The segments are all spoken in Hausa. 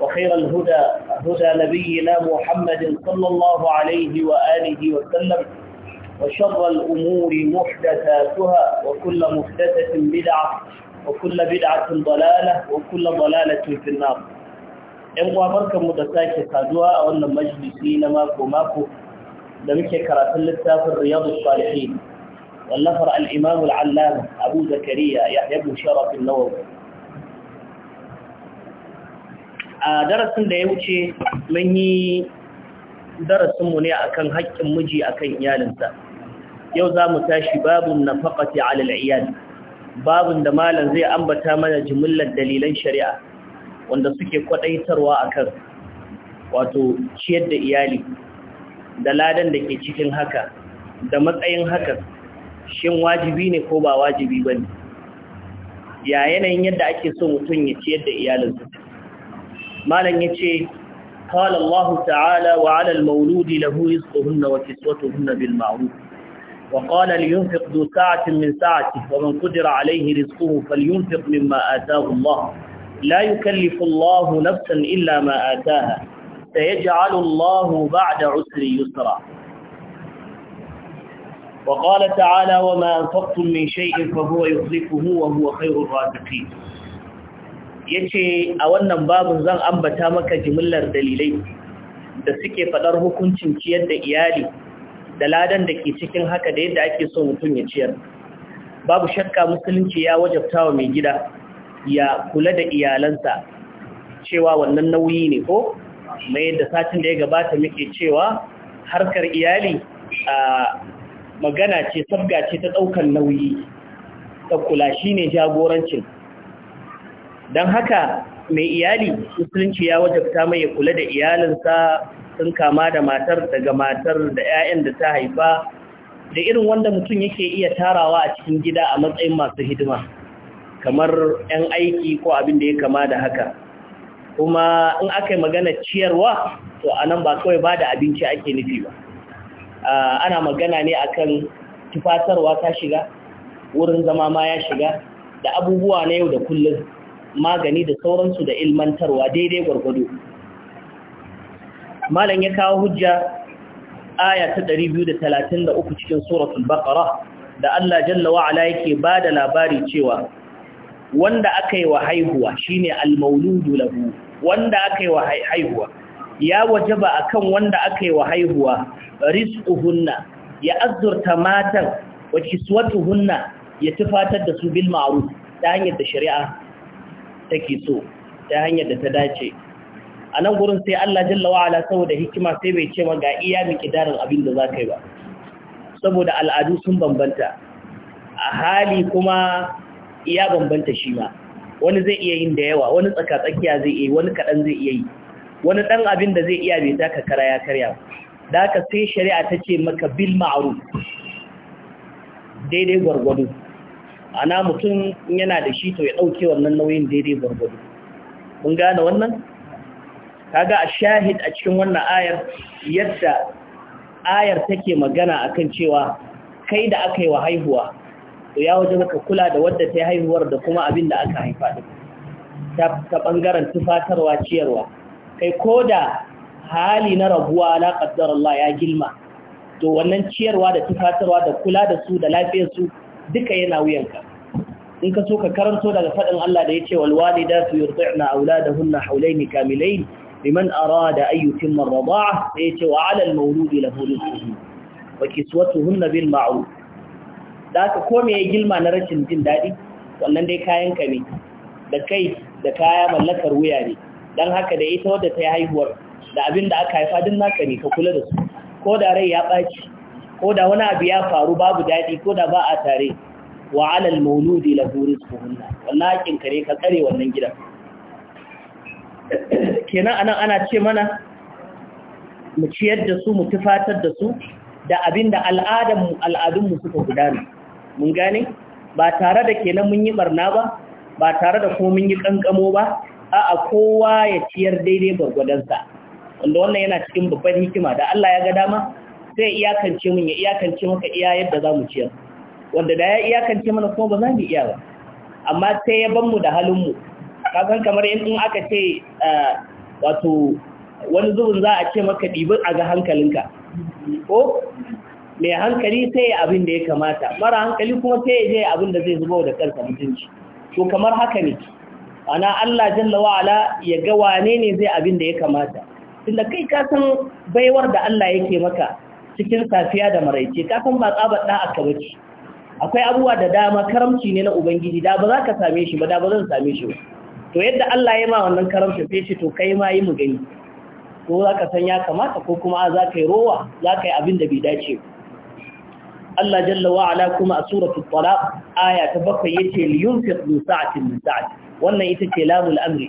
وخير الهدى هدى نبينا محمد صلى الله عليه وآله وسلم وشر الأمور محدثاتها وكل محدثة بدعة وكل بدعة ضلالة وكل ضلالة في النار إنه أمرك مدتاك سادوها أولا مجلسين ماكو ماكو لمشي كراتل التاف الرياض الصالحين والنفر الإمام العلامة أبو زكريا يحيى بن شرف النووي a darasin da ya wuce mun yi darasinmu ne akan haƙƙin miji akan iyalinsa yau za mu tashi babun na faƙati alal'iyal babun da malam zai ambata mana jimillar dalilan shari'a wanda suke kwaɗaitarwa akan wato ciyar da iyali da ladan da ke cikin haka da matsayin haka shin wajibi ne ko ba wajibi ba ne ya yanayin yadda ake so mutum ya ciyar da iyalinsa malam yace قال الله تعالى وعلى المولود له رزقهن وكسوتهن بالمعروف وقال لينفق ذو ساعة من ساعته ومن قدر عليه رزقه فلينفق مما آتاه الله لا يكلف الله نفسا إلا ما آتاها سيجعل الله بعد عسر يسرا وقال تعالى وما أنفقتم من شيء فهو يخلفه وهو خير الرازقين ya ce a wannan babin zan ambata maka jimillar dalilai da suke faɗar hukuncin ciyar da iyali da ladan da ke cikin haka da yadda ake so mutum ya ciyar babu shakka musulunci ya wajabta wa mai gida ya kula da iyalansa cewa wannan nauyi ne ko mai da satin da ya gabata muke cewa harkar iyali a magana ce sabga ce ta ɗaukar nauyi ta kula shi ne jagorancin don haka mai iyali musulunci ya wajabta mai ya kula da iyalinsa sun kama da matar daga matar da 'ya'yan da ta haifa da irin wanda mutum yake iya tarawa a cikin gida a matsayin masu hidima kamar 'yan aiki ko abin da ya kama da haka kuma in aka yi magana ciyarwa to a nan ba kawai ba da abinci ake nufi ba ana magana ne akan tufatarwa ta shiga wurin zama ma ya shiga da abubuwa na yau da kullum magani da sauransu da ilmantarwa daidai gwargwado malam ya kawo hujja aya ta 233 cikin suratul baqara da Allah jalla wa ala yake bada labari cewa wanda aka yi wa haihuwa shine Al-Mauludu lahu wanda aka yi wa haihuwa ya wajaba akan wanda aka yi wa haihuwa rizquhunna ya azurta matan wa kiswatuhunna ya tufatar da su bil ma'ruf ta hanyar da shari'a take so ta hanyar da ta dace a nan gurin sai Allah jalla wa'ala saboda hikima sai bai ce ga iya mikidarin abin da za ka yi ba saboda al'adu sun bambanta a hali kuma iya bambanta shi ma wani zai iya yin da yawa wani tsaka tsakiya zai iya wani kaɗan zai iya yi wani ɗan abin da zai iya bai taka kara ya karya da ka sai shari'a ta ce maka bil ma'ruf daidai gwargwado ana mutum yana da shi to ya ɗauke wannan nauyin daidai gwargwado mun gane wannan kaga a shahid a cikin wannan ayar yadda ayar take magana akan cewa kai da aka yi wa haihuwa to ya waje ka kula da wadda ta haihuwar da kuma abin da aka haifa din ta bangaren tufatarwa ciyarwa kai ko da hali na rabuwa na kaddar Allah ya gilma to wannan ciyarwa da tufatarwa da kula da su da lafiyar su duka yana wuyanka in ka so ka karanto daga faɗin Allah da yake wal walidatu yurdi'na auladahunna hawlayn kamilayn liman arada ay yutimma ar-rida'a yace wa 'ala al-mawludi lahu rizquhu wa kiswatuhunna bil ma'ruf da ka kome ya gilma na rashin jin dadi wannan dai kayan ka ne da kai da kaya mallakar wuya ne dan haka da ita wadda ta yi haihuwar da abin da aka haifa din naka ne ka kula da su ko da rai ya ɓaci ko da wani abu ya faru babu daɗi ko da ba a tare wa alal mauludi la buris kuhunna wannan hakin kare ka tsare wannan gidan kenan anan ana ce mana mu ciyar da su mu tufatar da su da abinda al'adan al'adun mu suka gudana mun gane ba tare da kenan mun yi barna ba ba tare da ko mun yi kankamo ba a'a kowa ya ciyar daidai gwargwadonsa wanda wannan yana cikin babban hikima da Allah ya ga dama sai iyakance mun ya iyakance maka iya yadda za mu ciyar wanda da ya iyakance mana kuma ba za mu iya ba amma sai ya ban mu da halin mu kasan kamar in aka ce eh, wato wani zubin za a ce maka ɗibin a ga hankalinka ko mai hankali sai ya abin da ya kamata mara hankali kuma sai ya je abin da zai zubo da karka mutunci to kamar haka ne ana Allah jalla wa'ala ya ga wane ne zai abin da ya kamata tunda kai ka san baiwar da Allah yake maka cikin safiya da maraice kafin ba tsabar da aka bace akwai abubuwa da dama karamci ne na ubangiji da ba za ka same shi ba da ba zan same shi to yadda Allah ya ma wannan karamci sai shi to kai ma yi mu gani ko za ka san ya kamata ko kuma za ka yi rowa za ka yi abin da bai dace Allah jalla wa ala kuma a suratul talaq aya ta bakwai yace liyunfiq min sa'atin min sa'ati wannan ita ce lamul amri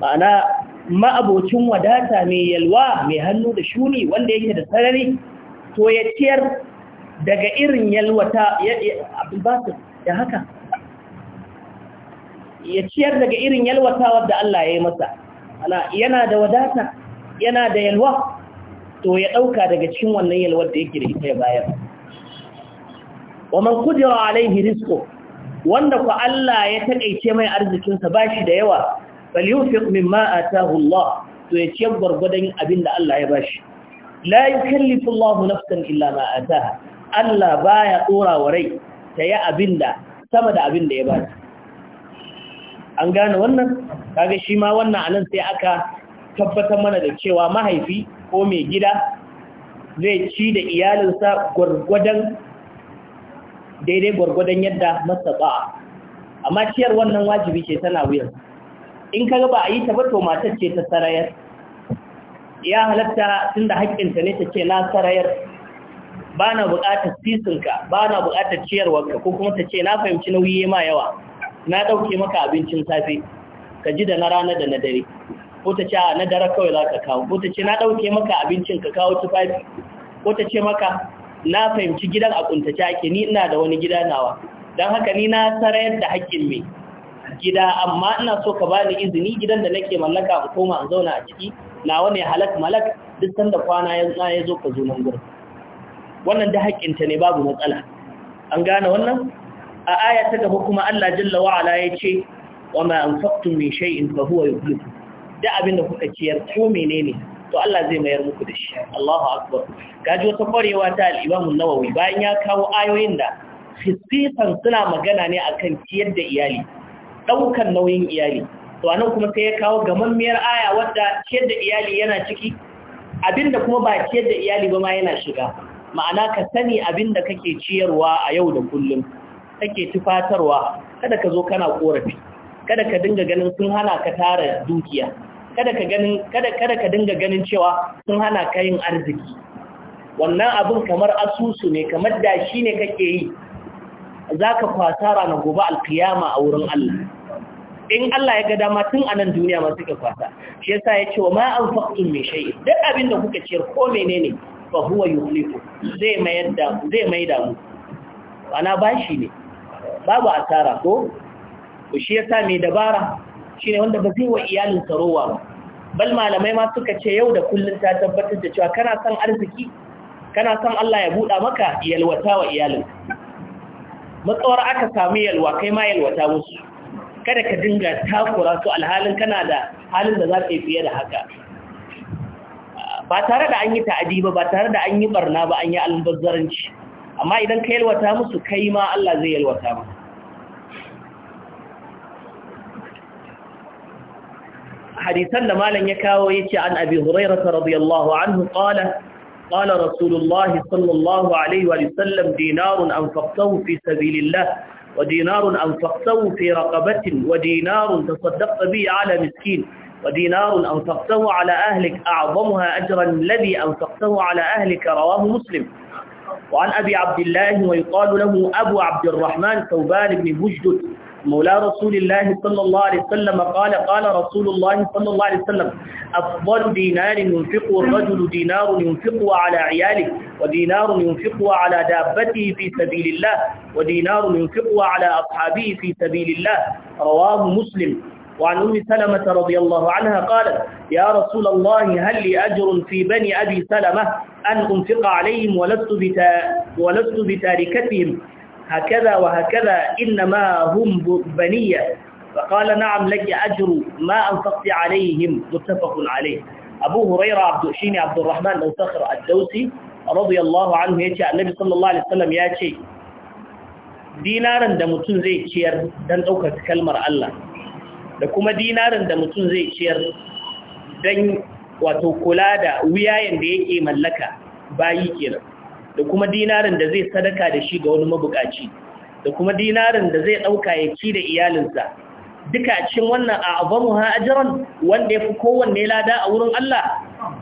ma'ana ma'abocin wadata mai yalwa mai hannu da shuni wanda yake da sarari to ya ciyar daga irin yalwata abubakar da haka ya ciyar daga irin yalwata wadda Allah ya yi masa yana da wadata yana da yalwa to ya ɗauka daga cikin wannan yalwar da yake da ita ya bayar wa man kudira alaihi rizqo wanda ku Allah ya taƙaice mai arzikinsa bashi da yawa falyunfiq mimma atahu Allah to ya ciyar gwargwadon abin da Allah ya bashi la yukallifu Allah nafsan illa ma Allah baya dora rai ta yi abin da sama da abin da ya bata an gane wannan kaga shi ma wannan anan sai aka tabbatar mana da cewa mahaifi ko mai gida zai ci da iyalinsa daidai gwargwadon yadda masa amma ciyar wannan wajibi ce tana wuyansa in kaga ba a yi ta ba to matar ce ta sarayar ya halatta tun da haƙƙinta ne ta ce na sarayar ba na buƙatar sisinka ba na buƙatar ciyarwarka ko kuma ta ce na fahimci nauyi ma yawa na ɗauke maka abincin safe ka ji da na rana da na dare ko ta ce a na dare kawai za ka kawo ko ta ce na ɗauke maka abincin ka kawo tufafi ko ta ce maka na fahimci gidan a ƙuntace ake ni ina da wani gida nawa don haka ni na sarayar da haƙƙin mai gida amma ina so ka bani izini gidan da nake mallaka in koma in zauna a ciki na wani halak malak duk sanda kwana ya tsaya ya zo ka zo nan gurin wannan da haƙƙin ta ne babu matsala an gane wannan a aya ta gaba kuma Allah jalla wa ala ya ce wa ma anfaqtum min shay'in fa huwa yukhlifu da abin da kuka ciyar ko menene to Allah zai mayar muku da shi Allahu akbar gaji wata kwarewa ta al-Imam an-Nawawi bayan ya kawo ayoyin da fisikan suna magana ne akan ciyar da iyali Daukan nauyin iyali to anan kuma sai ya kawo gamammiyar aya wanda ciyar da iyali yana ciki abinda kuma ba ciyar da iyali ba ma yana shiga ma'ana ka sani abinda kake ciyarwa a yau da kullum kake tufatarwa kada ka zo kana korafi kada ka dinga ganin sun hana ka tara dukiya kada ka ganin kada kada ka dinga ganin cewa sun hana ka yin arziki wannan abin kamar asusu ne kamar dashi ne kake yi za ka kwasa ranar gobe alkiyama a wurin Allah in Allah ya ga dama tun a nan duniya masu ka kwasa shi yasa ya ce wa ma an mai shai, duk abin da kuka ciyar ko menene fa huwa yi zai zai mai damu. Ana ba bashi ne babu asara ko shi yasa mai dabara shine wanda ba zai wa iyalin sarowa ba bal malamai ma suka ce yau da kullum ta tabbatar da cewa kana son arziki kana son Allah ya buɗa maka yalwata wa iyalin matsawar aka sami yalwa kai ma yalwata musu kada ka dinga takura su alhalin kana da halin da za ka yi fiye da haka ba tare da an yi ta'adi ba ba tare da an yi barna ba an yi albazzaranci amma idan ka yalwata musu kai ma Allah zai yalwata musu hadisan da malam ya kawo yace an abi hurairah radiyallahu anhu qala قال رسول الله صلى الله عليه وسلم دينار أنفقته في سبيل الله ودينار أنفقته في رقبة ودينار تصدقت به على مسكين ودينار أنفقته على أهلك أعظمها أجرا الذي أنفقته على أهلك رواه مسلم وعن أبي عبد الله ويقال له أبو عبد الرحمن ثوبان بن مجدد مولى رسول الله صلى الله عليه وسلم قال قال رسول الله صلى الله عليه وسلم أفضل دينار ينفقه الرجل دينار ينفقه على عياله ودينار ينفقه على دابته في سبيل الله ودينار ينفقه على أصحابه في سبيل الله رواه مسلم وعن أم سلمة رضي الله عنها قالت يا رسول الله هل لي أجر في بني أبي سلمة أن أنفق عليهم ولست, بتا... ولست بتاركتهم هكذا وهكذا إنما هم بنية فقال نعم لك أجر ما أنفقت عليهم متفق عليه أبو هريرة عبد شيني عبد الرحمن بن صخر الدوسي رضي الله عنه يأتي النبي صلى الله عليه وسلم يأتي dinarin da mutum zai ciyar don ɗaukaka kalmar Allah da kuma dinarin da mutum zai ciyar don wato kula da wuyayen da yake mallaka bayi kenan da kuma dinarin da zai sadaka da shi ga wani mabukaci da kuma dinarin da zai ɗauka ya ci da iyalinsa duka cikin wannan a abamu ha ajran wanda yafi kowanne lada a wurin Allah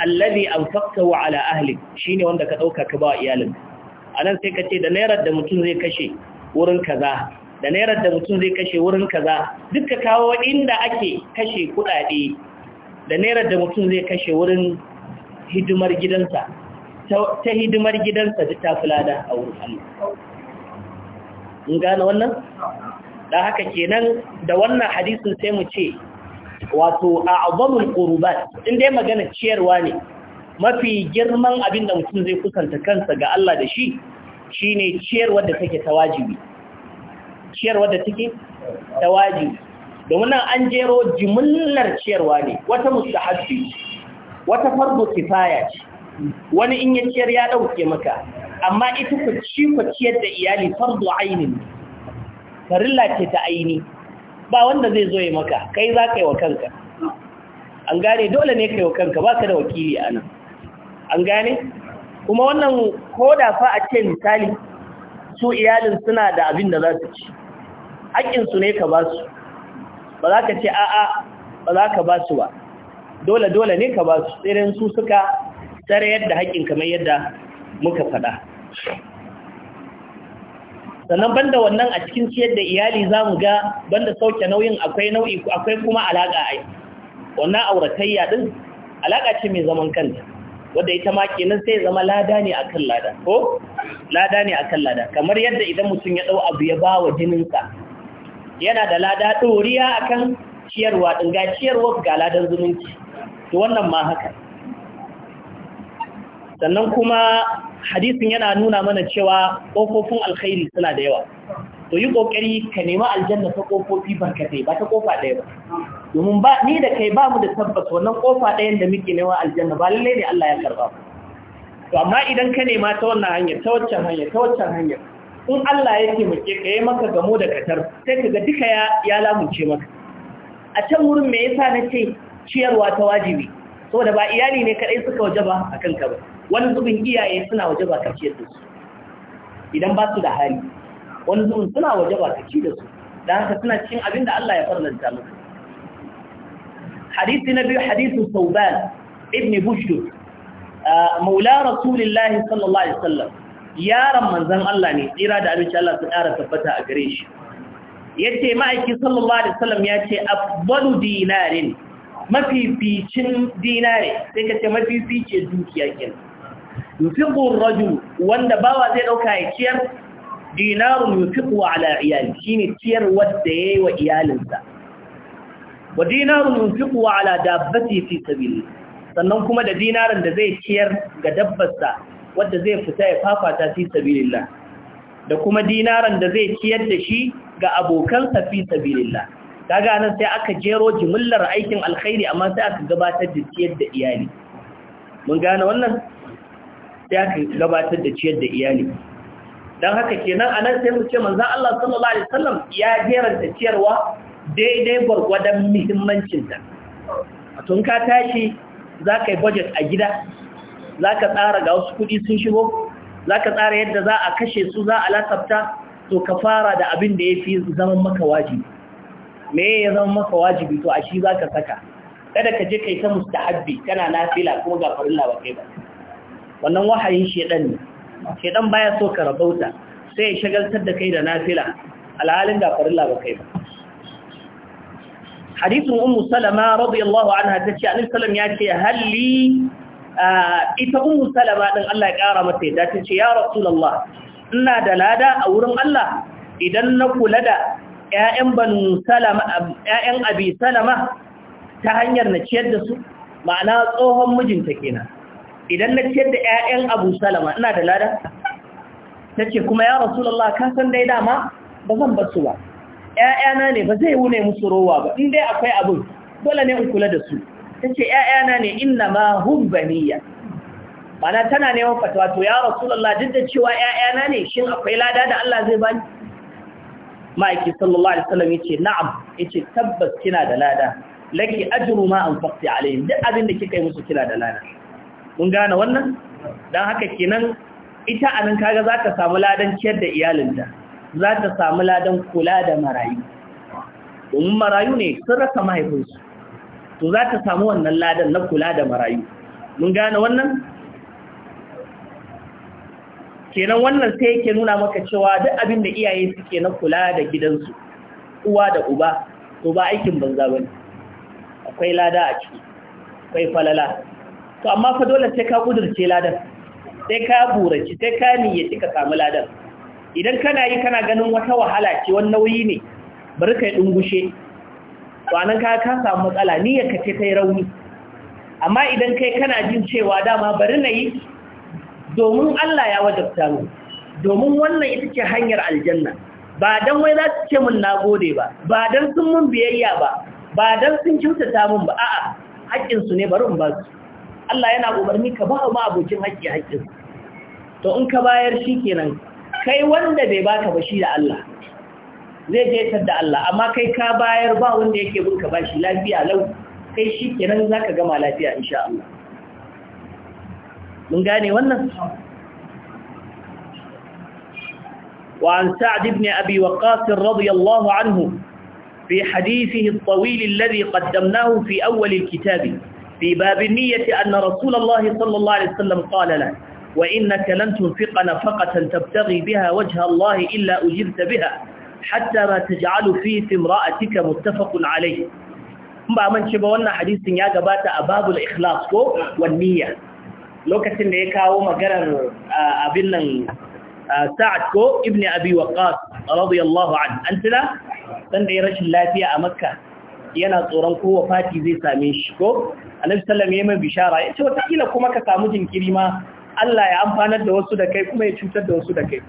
allazi anfaqta wa ala ahli shine wanda ka ɗauka ka ba iyalin anan sai ka ce da naira da mutum zai kashe wurin kaza da naira da mutum zai kashe wurin kaza duka kawo inda ake kashe kuɗaɗe da naira da mutum zai kashe wurin hidimar gidansa ta hidimar gidansa duk ta fulada a wurin Allah in gane wannan da haka kenan da wannan hadisin sai mu ce wato a'zamul qurbat in dai magana ciyarwa ne mafi girman abin da mutum zai kusanta kansa ga Allah da shi shi ne ciyarwa da take ta wajibi ciyarwa da take ta wajibi domin nan an jero jimillar ciyarwa ne wata mustahabbi wata farko kifaya ce wani in ya ciyar ya ɗauke maka amma ita ku ci ku ciyar da iyali fardu ainin farilla ce ta aini ba wanda zai zo ya maka kai za ka yi wa kanka an gane dole ne ka yi wa kanka ba ka da wakili a nan an gane kuma wannan koda fa a ce misali su iyalin suna da abin da za su ci haƙƙinsu ne ka ba su ba za ka ce a'a ba za ka ba su ba dole dole ne ka ba su tsirin su suka tare yadda haƙƙin kamar yadda muka faɗa sannan banda wannan a cikin ciyar da iyali za mu ga banda sauke nauyin akwai nau'i akwai kuma alaƙa yi wannan auratayya din alaƙa ce mai zaman kanta wadda ita ma kenan sai zama lada ne akan lada ko lada ne akan lada kamar yadda idan mutum ya ɗau abu ya ba wa jininsa yana da lada ɗoriya a kan ciyarwa ɗin ga ciyarwa ga ladan zumunci to wannan ma haka sannan kuma hadisin yana nuna mana cewa ƙofofin alkhairi suna da yawa to yi ƙoƙari ka nemi aljanna ta ƙofofi barkatai ba ta ƙofa ɗaya ba domin ba ni da kai ba mu da tabbata wannan ƙofa ɗayan da muke nema aljanna ba lallai ne Allah ya karɓa to amma idan ka nema ta wannan hanyar ta waccan hanyar ta waccan hanyar in Allah ya taimake ka maka gamo da katar sai ka ga duka ya ya lamunce maka a can wurin me yasa na ciyarwa ta wajibi saboda ba iyali ne kadai suka waje ba akan ka ba wani zubin iyaye suna waje ba ka ce da su idan ba su da hali wani zubin suna waje ba ka ce da su da haka suna cikin abin da Allah ya farlanta musu hadisi na biyu hadisin sauban ibn bushdu ah, maula rasulillahi sallallahu alaihi wasallam yaron manzon Allah ne tsira da abinci Allah su ƙara tabbata a gare shi yace ma'aiki sallallahu alaihi wasallam yace afdalu dinarin mafificin dinare sai ka ce mafificin dukiya kenan yufiqu ar-rajul wanda bawa zai dauka ya ciyar dinarun yufiqu ala iyali shine ciyar wanda yayi wa iyalinsa wa dinarun yufiqu ala dabbati fi sabili sannan kuma da dinarin da zai ciyar ga dabbarsa wanda zai fita ya fafata fi sabilillah da kuma dinarin da zai ciyar da shi ga abokansa fi sabilillah kaga nan sai aka jero jimillar aikin alkhairi amma sai aka gabatar da ciyar da iyali mun gane wannan ya aka gabatar da ciyar da iyali don haka kenan a nan sai mu ce manzan Allah sallallahu Alaihi wasallam ya jeranta ciyarwa daidai gwargwadon muhimmancinta a tun ka tashi za ka yi budget a gida za ka tsara ga wasu kudi sun shigo za ka tsara yadda za a kashe su za a lasafta to ka fara da abin da ya fi zaman maka wajibi me ya zama maka wajibi to a shi za ka saka kada ka je kai ta mustahabbi kana nafila kuma ga farilla ba kai ba wannan wahayin shedan ne shedan baya so ka rabauta sai ya shagaltar da kai da nafila alhalin da farilla ba kai ba hadisin ummu salama radiyallahu anha tace annabi sallam ya ce halli ita ummu salama din Allah ya kara mata yadda tace ya rasulullah ina da lada a wurin Allah idan na kula da ƴaƴan banu salama ƴaƴan abi salama ta hanyar na ciyar da su ma'ana tsohon mijinta kenan idan na ciyar da 'ya'yan Abu Salama ina da lada ta ce kuma ya Rasulullah ka san dai dama ba zan basu su ba 'Ya'yana ne ba zai wune musu rowa ba in dai akwai abin dole ne in kula da su ta ce 'ya'yana ne ina ma hubbaniya mana tana neman fatawa wato ya Rasulullah duk da cewa 'ya'yana ne shin akwai lada da Allah zai bani ma'aiki sallallahu alaihi wasallam ce na'am ce tabbas kina da lada laki ajru ma anfaqti duk abin da kika yi musu kina da lada mun gane wannan don haka kenan ita anan kaga za ta samu ladan ciyar da iyalinta za ta samu ladan kula da marayu domin marayu ne sun rasa mahaifinsu to za ta samu wannan ladan na kula da marayu mun gane wannan kenan wannan sai yake nuna maka cewa duk abin da iyaye suke na kula da gidansu uwa da uba to ba aikin banza bane akwai lada a ciki akwai falala to amma fa dole sai ka kudurce ladan sai ka burace sai ka niyyaci ka samu ladan idan kana yi kana ganin wata wahala ce wani nauyi ne bari kai dungushe to anan ka ka samu matsala niyyar ka ce ta rauni amma idan kai kana jin cewa dama bari na yi domin Allah ya wajabta mu domin wannan ita ce hanyar aljanna ba dan wai za su ce mun nagode ba ba dan sun mun biyayya ba ba dan sun kyautata mun ba a'a haƙƙin su ne bari in ba su Allah yana umarni ka ba ma abokin haƙƙi haƙƙin to in ka bayar shi kenan kai wanda bai baka ba shi da Allah zai je da Allah amma kai ka bayar ba wanda yake bin ka bashi lafiya lau kai shi kenan ka gama lafiya insha Allah mun gane wannan وعن سعد بن أبي وقاص رضي الله عنه في حديثه الطويل الذي قدمناه في أول kitabi. في باب النية أن رسول الله صلى الله عليه وسلم قال له وإنك لن تنفق نفقة تبتغي بها وجه الله إلا أجبت بها حتى ما تجعل في امرأتك متفق عليه ba man ci ba wannan hadisin ya gabata a babul ikhlas ko wanniya lokacin da ya kawo maganar abin nan sa'ad ko ibn abi waqas radiyallahu anhu antala dan da ya rashin lafiya a makkah yana tsoron kowa Fati zai same shi ko annabi sallallahu alaihi wasallam bishara yace watakila kuma ka samu jinkiri ma Allah ya amfanar da wasu da kai kuma ya cutar da wasu da kai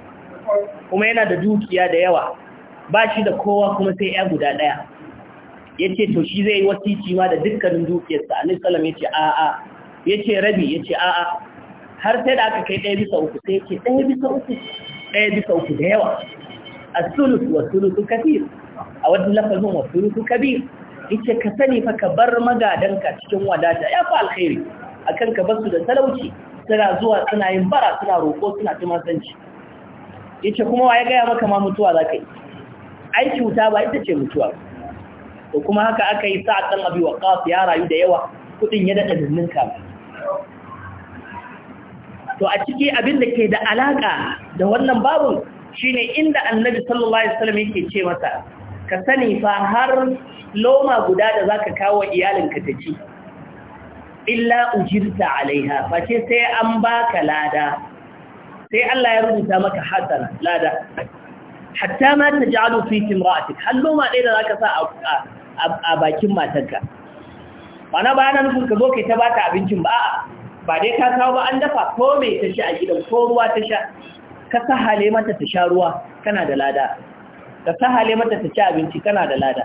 kuma yana da dukiya da yawa ba shi da kowa kuma sai ya guda daya yace to shi zai yi wasici ma da dukkanin dukiyarsa annabi sallallahu alaihi wasallam yace a'a yace rabi yace a'a har sai da aka kai ɗaya bisa uku sai yace ɗaya bisa uku ɗaya bisa uku da yawa as-sulus wa sulusu kathir a wajen lafazin wa sulusu kabir yace ka sani fa ka bar magadanka cikin wadata ya fa alkhairi akan ka basu da talauci suna zuwa suna yin bara suna roƙo suna sanci yace kuma waye ga ya maka ma mutuwa zaka yi ai cuta ba ita ce mutuwa to kuma haka aka yi sa'a dan abi waqas ya rayu da yawa kudin ya dada dinnin ka to a ciki abin da ke da alaka da wannan babu shine inda annabi sallallahu alaihi wasallam yake ce masa ka sani fa har loma guda da zaka kawo iyalinka ta ci illa ujirta alaiha face sai an baka lada sai Allah ya rubuta maka hasana lada hatta ma taj'alu fi timra'atik har loma dai da zaka sa a bakin matarka bana ba nan kun ka zo kai ta bata abincin ba a'a ba dai ka kawo ba an dafa ko mai ta sha a gidan ko ruwa ta sha ka sahale mata ta sha ruwa kana da lada ka sahale mata ta ci abinci kana da lada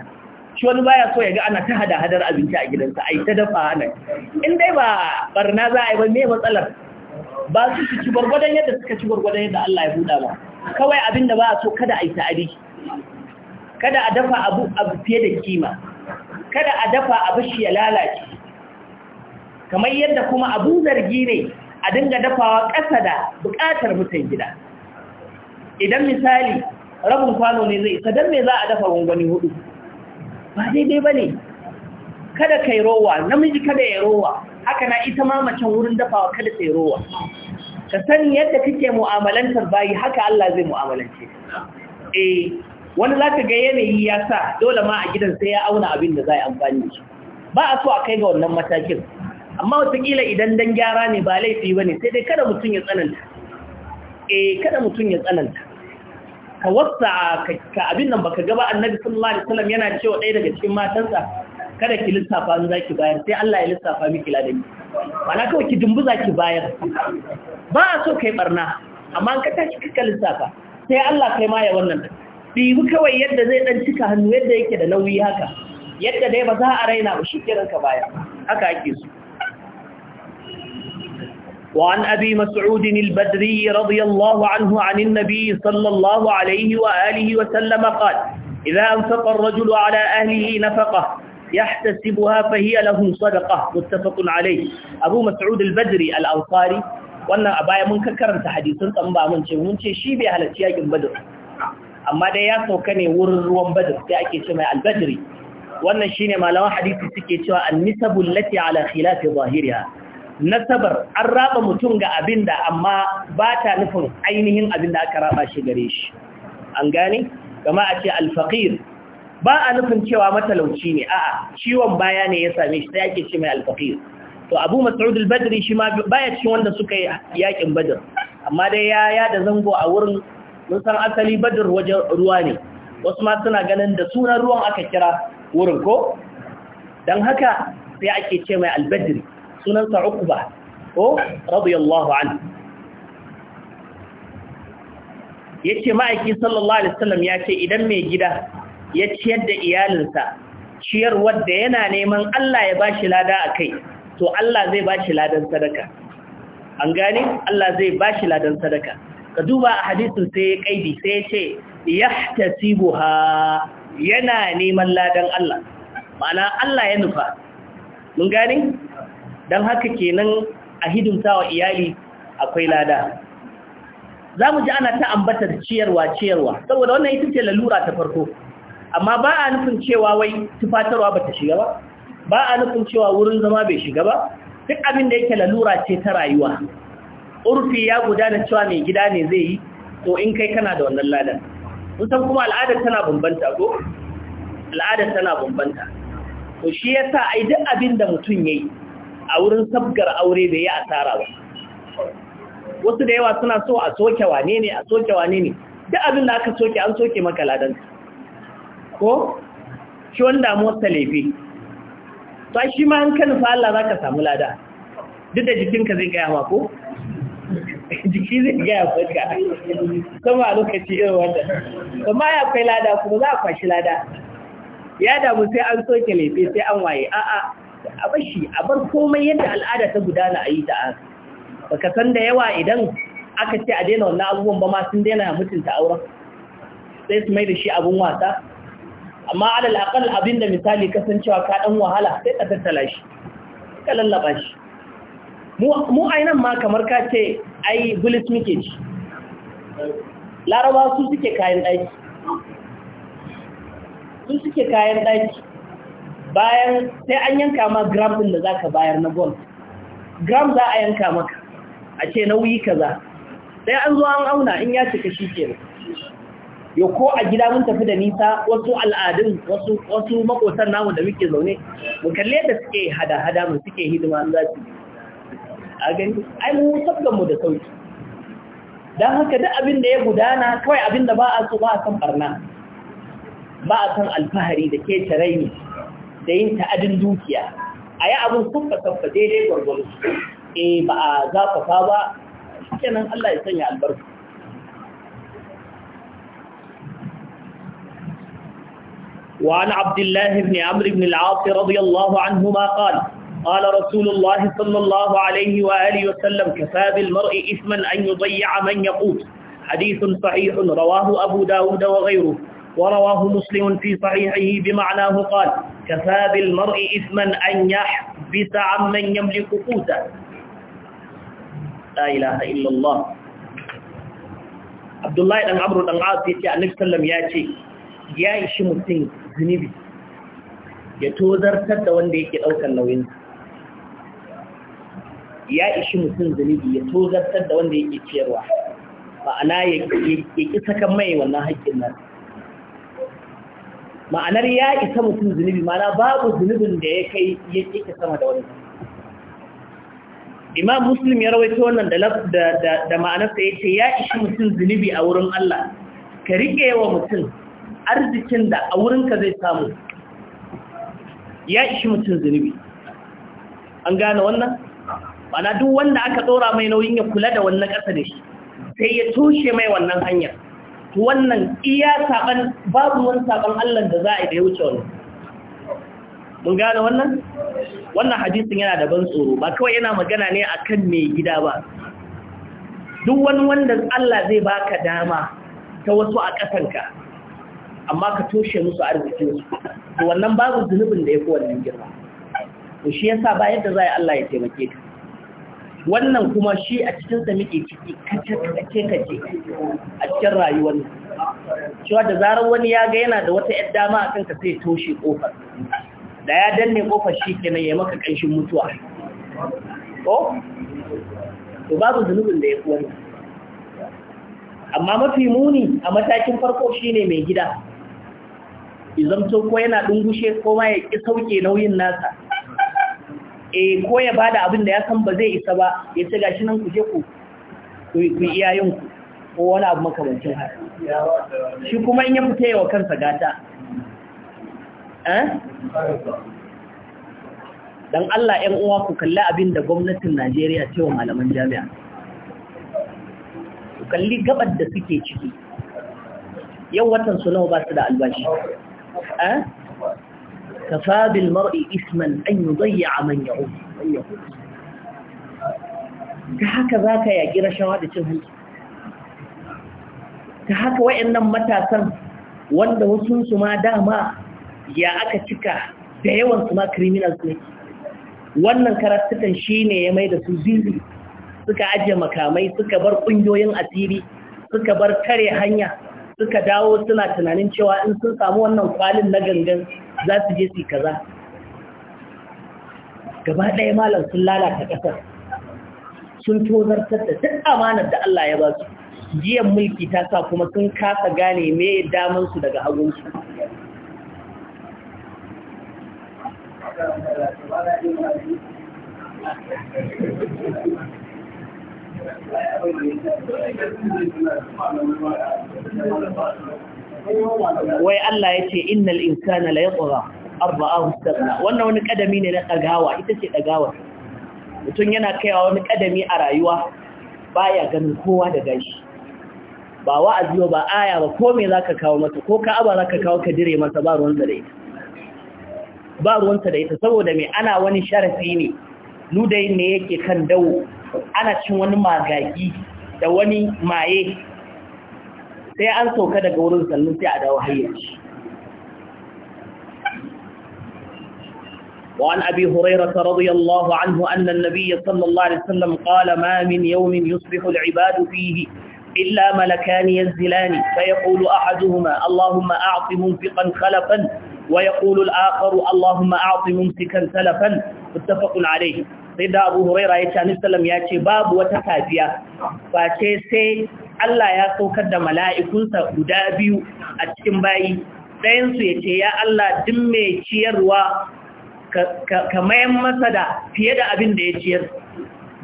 shi wani baya so ya ga ana ta hada hadar abinci a gidansa ai ta dafa ana in dai ba barna za a yi ba me matsalar ba su su ci gwargwadon yadda suka ci gwargwadon yadda Allah ya buɗa ba kawai abin da ba a so kada a yi ta'adi kada a dafa abu abu fiye da kima kada a dafa abu shi ya lalace kamar yadda kuma abu zargi ne a dinga dafawa ƙasa da buƙatar mutan gida idan misali rabin kwano ne zai isa don me za a dafa gwangwani hudu ba daidai ba ne kada kai rowa namiji kada ya rowa haka na ita ma wurin dafawa kada ta yi rowa ka sani yadda kake mu'amalantar bayi haka Allah zai mu'amalance eh wani zaka ga yanayi ya sa dole ma a gidan sai ya auna abin da zai amfani da shi ba a so a kai ga wannan matakin amma wataƙila idan dan gyara ne ba laifi bane sai dai kada mutum ya tsananta eh kada mutum ya tsananta ka wasa ka abin nan baka gaba annabi sallallahu alaihi wasallam yana cewa ɗaya daga cikin matansa kada ki lissafa ni zaki bayar sai Allah ya lissafa miki ladani mana kawai ki dumbu ki bayar ba a so kai barna amma ka tashi ka lissafa sai Allah kai ma ya wannan ɗibi kawai yadda zai dan cika hannu yadda yake da nauyi haka yadda dai ba za a raina ba shi kiran ka baya haka ake so وعن أبي مسعود البدري رضي الله عنه عن النبي صلى الله عليه وآله وسلم قال إذا أنفق الرجل على أهله نفقه يحتسبها فهي له صدقة متفق عليه أبو مسعود البدري الأنصاري وأن أبا من كرم تحديث أنبا من شهون شيء بأهل تياج البدر أما دا ياسو كني ورزوان بدر تأكي البدري وأن الشيني ما لو حديث سكي النسب التي على خلاف ظاهرها nasabar an raba mutum ga abin da amma ba ta nufin ainihin abin da aka raba shi gare shi an gane gama a ce alfaqir ba a nufin cewa matalauci ne a'a ciwon baya ne ya same shi sai yake ce mai alfaqir to Abu Mas'ud al-Badri shi ma baya cikin wanda suka yi yakin Badr amma dai ya ya da zango a wurin mun san asali Badr wajen ruwa ne wasu ma suna ganin da sunan ruwan aka kira wurin ko dan haka sai ake ce mai al-Badri sunansa uqba ko radiyallahu anhu yace ma'aiki sallallahu alaihi wasallam yace idan mai gida ya ciyar da iyalinsa ciyar wanda yana neman Allah ya bashi lada akai to Allah zai bashi ladan sadaka an gane Allah zai bashi ladan sadaka ka duba a hadisin sai ya kaidi sai ya ce yahtasibuha yana neman ladan Allah ma'ana Allah ya nufa mun gane don haka kenan a hidimta wa iyali akwai lada za mu ji ana ta ambatar ciyarwa ciyarwa saboda wannan ita ce lalura ta farko amma ba a nufin cewa wai tufatarwa ba ta shiga ba ba a nufin cewa wurin zama bai shiga ba duk abin da yake lalura ce ta rayuwa urfi ya gudana cewa mai gida ne zai yi to in kai kana da wannan ladan musan kuma al'adar tana bambanta ko al'adar tana bambanta to shi yasa ai duk abin da mutum yayi a wurin sabgar aure bai yi asara ba wasu da yawa suna so a soke wane ne a soke wane ne duk abin da aka soke an soke maka ladan ko shi wanda mu laifi to shi ma an kan fa Allah zaka samu lada duk da jikinka zai gaya mako, ko jiki zai gaya fuska kuma a lokaci irin wanda kuma ya kai lada kuma za a kwashi lada ya damu sai an soke laifi sai an waye a'a a bashi a bar komai yadda al'ada ta gudana a yi ta haka baka san da yawa idan aka ce a daina wannan abubuwan ba ma sun daina mutunta auren sai su mai da shi abun wasa amma alal aqal abin da misali kasancewa ka dan wahala sai ka tattala shi ka lallaba shi mu ainihin ma kamar ka ce ai bullet muke ci laraba su suke kayan daki su suke kayan ɗaki bayan sai an yanka ma gram din da zaka ka bayar na gold gram za a yanka maka a ce nauyi kaza sai an zo an auna in ya cika shi ke yo ko a gida mun tafi da nisa wasu al'adun wasu wasu makotan namu da muke zaune mu kalle da suke hada-hada mu suke hidima an zasu a gani ai mu sabgan mu da sauki don haka duk abin da ya gudana kawai abin da ba a so ba a san barna ba a san alfahari da ke tarayi ne da yin ta'adin dukiya a yi abin kuffa kamfa daidai gwargwaro eh ba a zafafa ba kenan Allah ya sanya albarka وعن عبد الله بن عمرو بن العاص رضي الله عنهما قال قال رسول الله صلى الله عليه وآله وسلم كفى بالمرء إثما أن يضيع من يقوت حديث صحيح رواه أبو داود وغيره ورواه مسلم في صحيحه بمعناه قال كفى بالمرء إثما أن يحبس عمن يملك قوته لا إله إلا الله عبد الله بن عمرو بن العاص يتي النبي ya ishi mutum zunubi ya tozartar da wanda yake ɗaukar nauyin ya ishi mutum zunubi ya tozartar da wanda yake ciyarwa ma'ana ya ƙi sakan mai wannan hakkin nan ma'anar ya isa mutum zunubi ma'ana babu zunubin da ya kai ya ke sama da wani imam muslim ya rawaito wannan da ma'anarsa ya ce ya ishi mutum zunubi a wurin Allah ka riƙe wa mutum arzikin da a wurinka zai samu ya ishi mutum zunubi an gane wannan ma'ana duk wanda aka ɗora mai nauyin ya kula da wannan ƙasa da shi sai ya toshe mai wannan hanyar wannan iya saban babu wani saban Allah da za a yi da ya wuce wannan mun gane wannan wannan hadisin yana da ban tsoro ba kawai yana magana ne akan mai gida ba duk wani wanda Allah zai baka dama ta wasu a ƙasanka amma ka toshe musu arziki su to wannan babu zunubin da ya fi wannan girma to shi yasa ba yadda za a yi Allah ya taimake ka wannan kuma shi a cikin sa muke ciki kace kace kace a cikin rayuwar cewa da zarar wani ya ga yana da wata yar dama a kanka sai toshe kofar da ya danne kofar shi kenan ya maka kanshin mutuwa ko to babu zunubin da ya kuwa amma mafi muni a matakin farko shine mai gida izamto ko yana dungushe ko ma ya ki sauke nauyin nasa eh ko ya bada abin da ya san ba zai isa ba ya ce gashi nan ku je ku ku iyayen ku ko wani abu makamancin haka shi kuma in ya fita yawa kansa gata eh? dan Allah 'yan uwa ku kalli abin da gwamnatin Najeriya ce wa malaman jami'a ku kalli gabar da suke ciki yau watan su nawa ba su da albashi eh كفى بالمرء إثما أن يضيع من يعود من يعود كهكذا كيجي رشاوات تشهد كهك وإنما متى سن wanda wasunsu ma dama ya aka cika da yawansu ma criminals ne wannan karatukan shi ne ya mai da su zili suka ajiye makamai suka bar ƙungiyoyin asiri suka bar tare hanya suka dawo suna tunanin cewa in sun samu wannan kwalin na gangan za su je su kaza gaba ɗaya malam sun lalata ƙasar sun tozartar da duk amanar da Allah ya ba su jiyan mulki ta sa kuma sun kasa gane me damansu daga hagunsu Thank you. wai Allah ya ce innal insana la yatgha arba'ahu istaghna wannan wani kadami ne na dagawa ita ce dagawa mutum yana kaiwa wani kadami a rayuwa baya ganin kowa da gashi ba wa'azi ba aya ba ko me zaka kawo masa ko ka ka'aba zaka kawo ka dire masa ba ruwan da ita ba ruwanta da ita saboda mai ana wani sharafi ne ludayin ne yake kan dawo ana cin wani magagi da wani maye sai an sauka daga wurin sannan sai a dawo hayyar وعن أبي هريرة رضي الله عنه أن النبي صلى الله عليه وسلم قال ما من يوم يصبح العباد فيه إلا ملكان ينزلان فيقول أحدهما اللهم أعط منفقا خلفا ويقول الآخر اللهم أعط ممسكا سلفا متفق عليه sai da abu huraira ya ce anisalam ya ce babu wata kafiya ce sai Allah ya saukar da mala'ikunsa guda biyu a cikin bayi ɗayansu ya ce ya Allah din mai ciyarwa ka mayan masa da fiye da abin da ya ciyar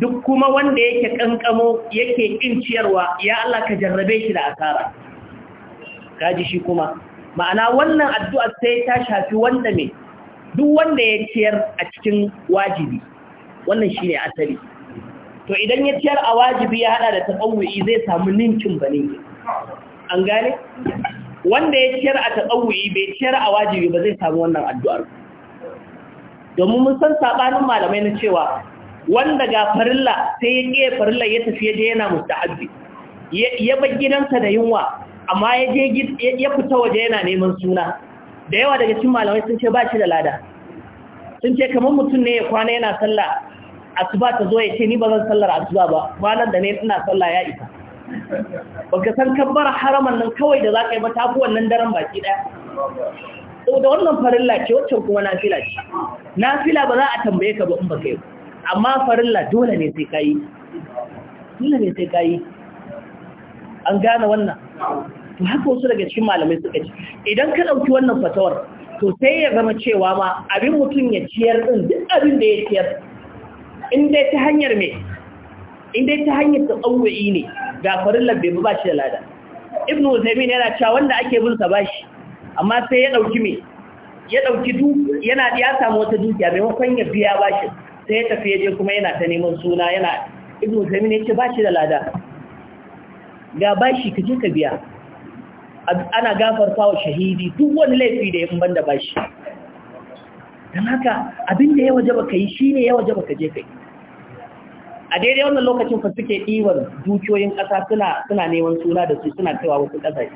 duk kuma wanda yake kankamo yake ƙin ciyarwa ya Allah ka jarrabe shi da asara kaji shi kuma ma'ana wannan addu'a sai ta shafi wanda mai duk wanda ya ciyar a cikin wajibi wannan shine asali to idan ya ciyar a wajibi ya hada da taɓawuyi zai samu ninkin ba ninkin an gane wanda ya ciyar a taɓawuyi bai ciyar a wajibi ba zai samu wannan addu'ar domin mun san saɓanin malamai na cewa wanda ga farilla sai ya ƙe farilla ya tafi yaje yana mustahabbi ya bar gidansa da yunwa amma ya je ya fita waje yana neman suna da yawa daga cin malamai sun ce ba shi da lada sun ce kamar mutum ne ya kwana yana sallah asuba ta zo ya ce ni ba zan sallar asuba ba malam da ne ina sallah ya isa baka san kabbar haraman nan kawai da za ka yi ba ta wannan daren baki ɗaya da wannan farilla ce wacce kuma nafila ce nafila ba za a tambaye ka ba in baka yi amma farilla dole ne sai kai dole ne sai kai an gane wannan to haka wasu daga cikin malamai suka ce idan ka ɗauki wannan fatawar to sai ya zama cewa ma abin mutum ya ciyar din duk abin da ya ciyar in dai ta hanyar ta hanyar ne ga farillar bai ba shi da lada ibn ne yana cewa wanda ake bin sa bashi amma sai ya dauki me ya dauki duk yana ya samu wata dukiya makon ya biya bashi sai ya tafi je kuma yana ta neman suna yana ibn ce yace shi da lada ga bashi je ka biya ana gafarta wa shahidi duk wani laifi da ya banda bashi Dan haka abin da ya waje baka yi shine ya waje baka je kai a daidai wannan lokacin fa suke ɗiwar dukiyoyin ƙasa suna suna neman suna da su suna cewa wasu ƙasashe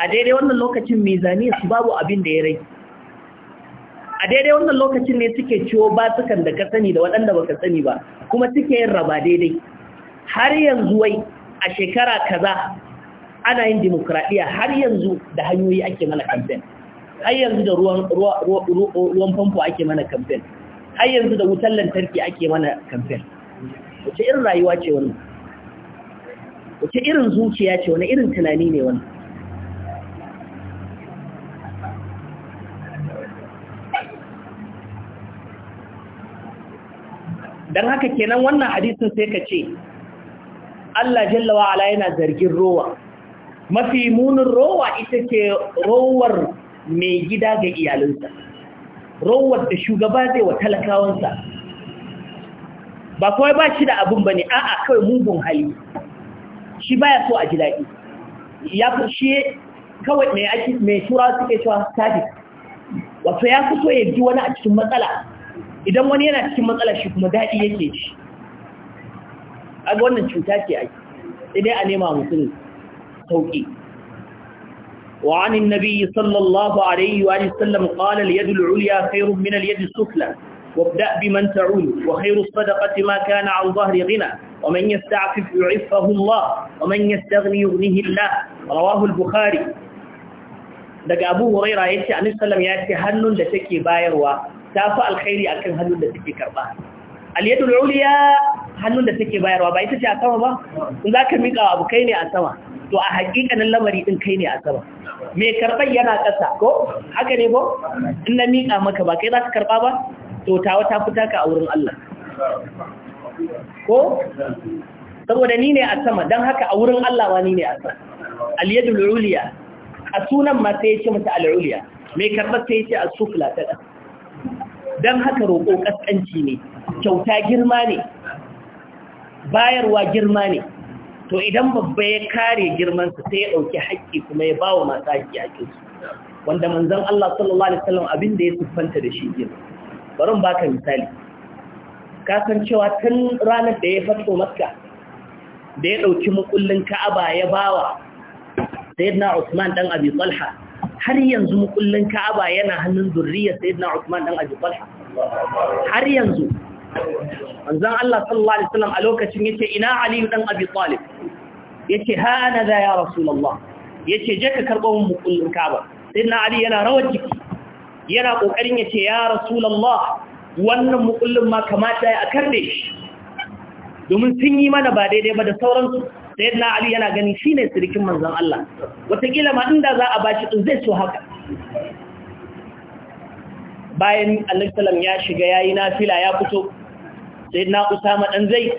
a daidai wannan lokacin mizani su babu abin da ya rai a daidai wannan lokacin ne suke ciwo batukan da ka sani da waɗanda ba ka sani ba kuma suke yin raba daidai har yanzu wai a shekara kaza ana yin dimokuraɗiyya har yanzu da hanyoyi ake mana kamfen har yanzu da ruwan famfo ake mana kamfen har yanzu da wutar lantarki ake mana kamfen wace irin rayuwa ce wannan wace irin zuciya ce wani irin tunani ne wani. don haka kenan wannan hadisin sai ka ce Allah jallawa ala yana zargin rowa mafi munin rowa ita ce rowar mai gida ga iyalinsa rowar da shugaba zai wa talakawansa ba kawai ba shi da abin ba ne a'a kawai mugun hali shi baya so a ji daɗi ya fi shi kawai mai ake mai tura suke cewa static wato ya fi so ya ji wani a cikin matsala idan wani yana cikin matsala shi kuma daɗi yake ci a wannan cuta ke aiki. idan a nema mutum sauƙi وعن النبي صلى الله عليه وآله وسلم قال اليد العليا خير من اليد السفلى وابدأ بمن تعود وخير الصدقة ما كان عن ظهر غنى ومن يستعفف يعفه الله ومن يستغني يغنيه الله رواه البخاري daga Abu Huraira yace Annabi sallam ya ce hannun da take bayarwa tafi alkhairi akan hannun da take karba hannun da take bayarwa ba ita ce a sama ba in zaka mika abu kai ne a sama to a hakikanin lamari din kai ne a sama me karban yana ƙasa ko haka ne ko in na mika maka ba kai zaka karba ba to tawa ta fita ka a wurin Allah ko saboda ni ne a sama don haka a wurin Allah wa ni ne a sama aliyadul uliya a sunan ma sai ce mata al'uliya mai karba sai ya ce a sufla ta ɗan don haka roƙo ƙasƙanci ne kyauta girma ne bayarwa girma ne to idan babba ya kare girmansa sai ya ɗauki haƙƙi kuma ya bawa wa masu haƙƙi a wanda manzon Allah sallallahu Alaihi wasallam abin da ya siffanta da shi girma barin baka misali kasancewa cewa tun ranar da ya fato matka da ya ɗauki mukullin ka'aba ya bawa sayyidina Usman dan Abi Talha har yanzu mukullin ka'aba yana hannun zurriyar sayyidina Usman dan Abi Talha har yanzu wanzan Allah sallallahu alaihi wasallam a lokacin yace ina Ali dan Abi Talib yace ha ana da ya Rasulullah yace je ka karbo mukullin ka'aba sayyidina Ali yana rawar jiki yana ƙoƙarin ya ce ya rasulallah wannan mukullin ma kamata ya karne shi domin sun yi mana ba daidai ba da sauransu sai na ali yana gani shi ne sirikin manzan Allah watakila ma inda za a bashi ɗin zai so haka bayan alaihissalam ya shiga ya yi nafila ya fito sai na usama ɗan zai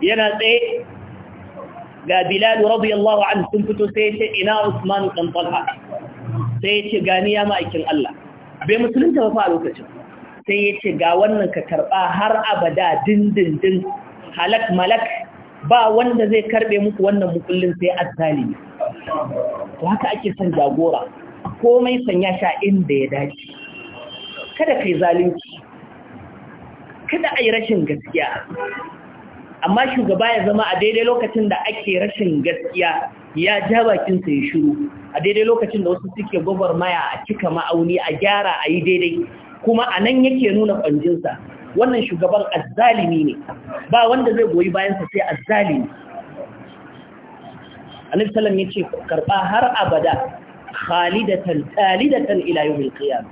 yana tsaye ga bilal radiyallahu an sun fito sai ya ce ina usman ɗan talha sai ya ce gani ya ma'aikin Allah bai musulunta mafi a lokacin sai ya ce ga wannan ka karɓa har abada dindindin halak malak ba wanda zai karɓe muku wannan mukullin sai azzalimi Ba haka ake son jagora komai sanya sha inda ya dace kada ka yi zalunci kada a yi rashin gaskiya amma shugaba ya zama a daidai lokacin da ake rashin gaskiya ya ja bakinsa ya shiru a daidai lokacin da wasu suke maya a cika ma'auni a gyara a yi daidai kuma a nan yake nuna ƙwanjinsa, wannan shugaban azzalimi ne ba wanda zai goyi bayansa sai azzalimi annabi sallam yace karba har abada khalidatan talidatan ila yawmil qiyam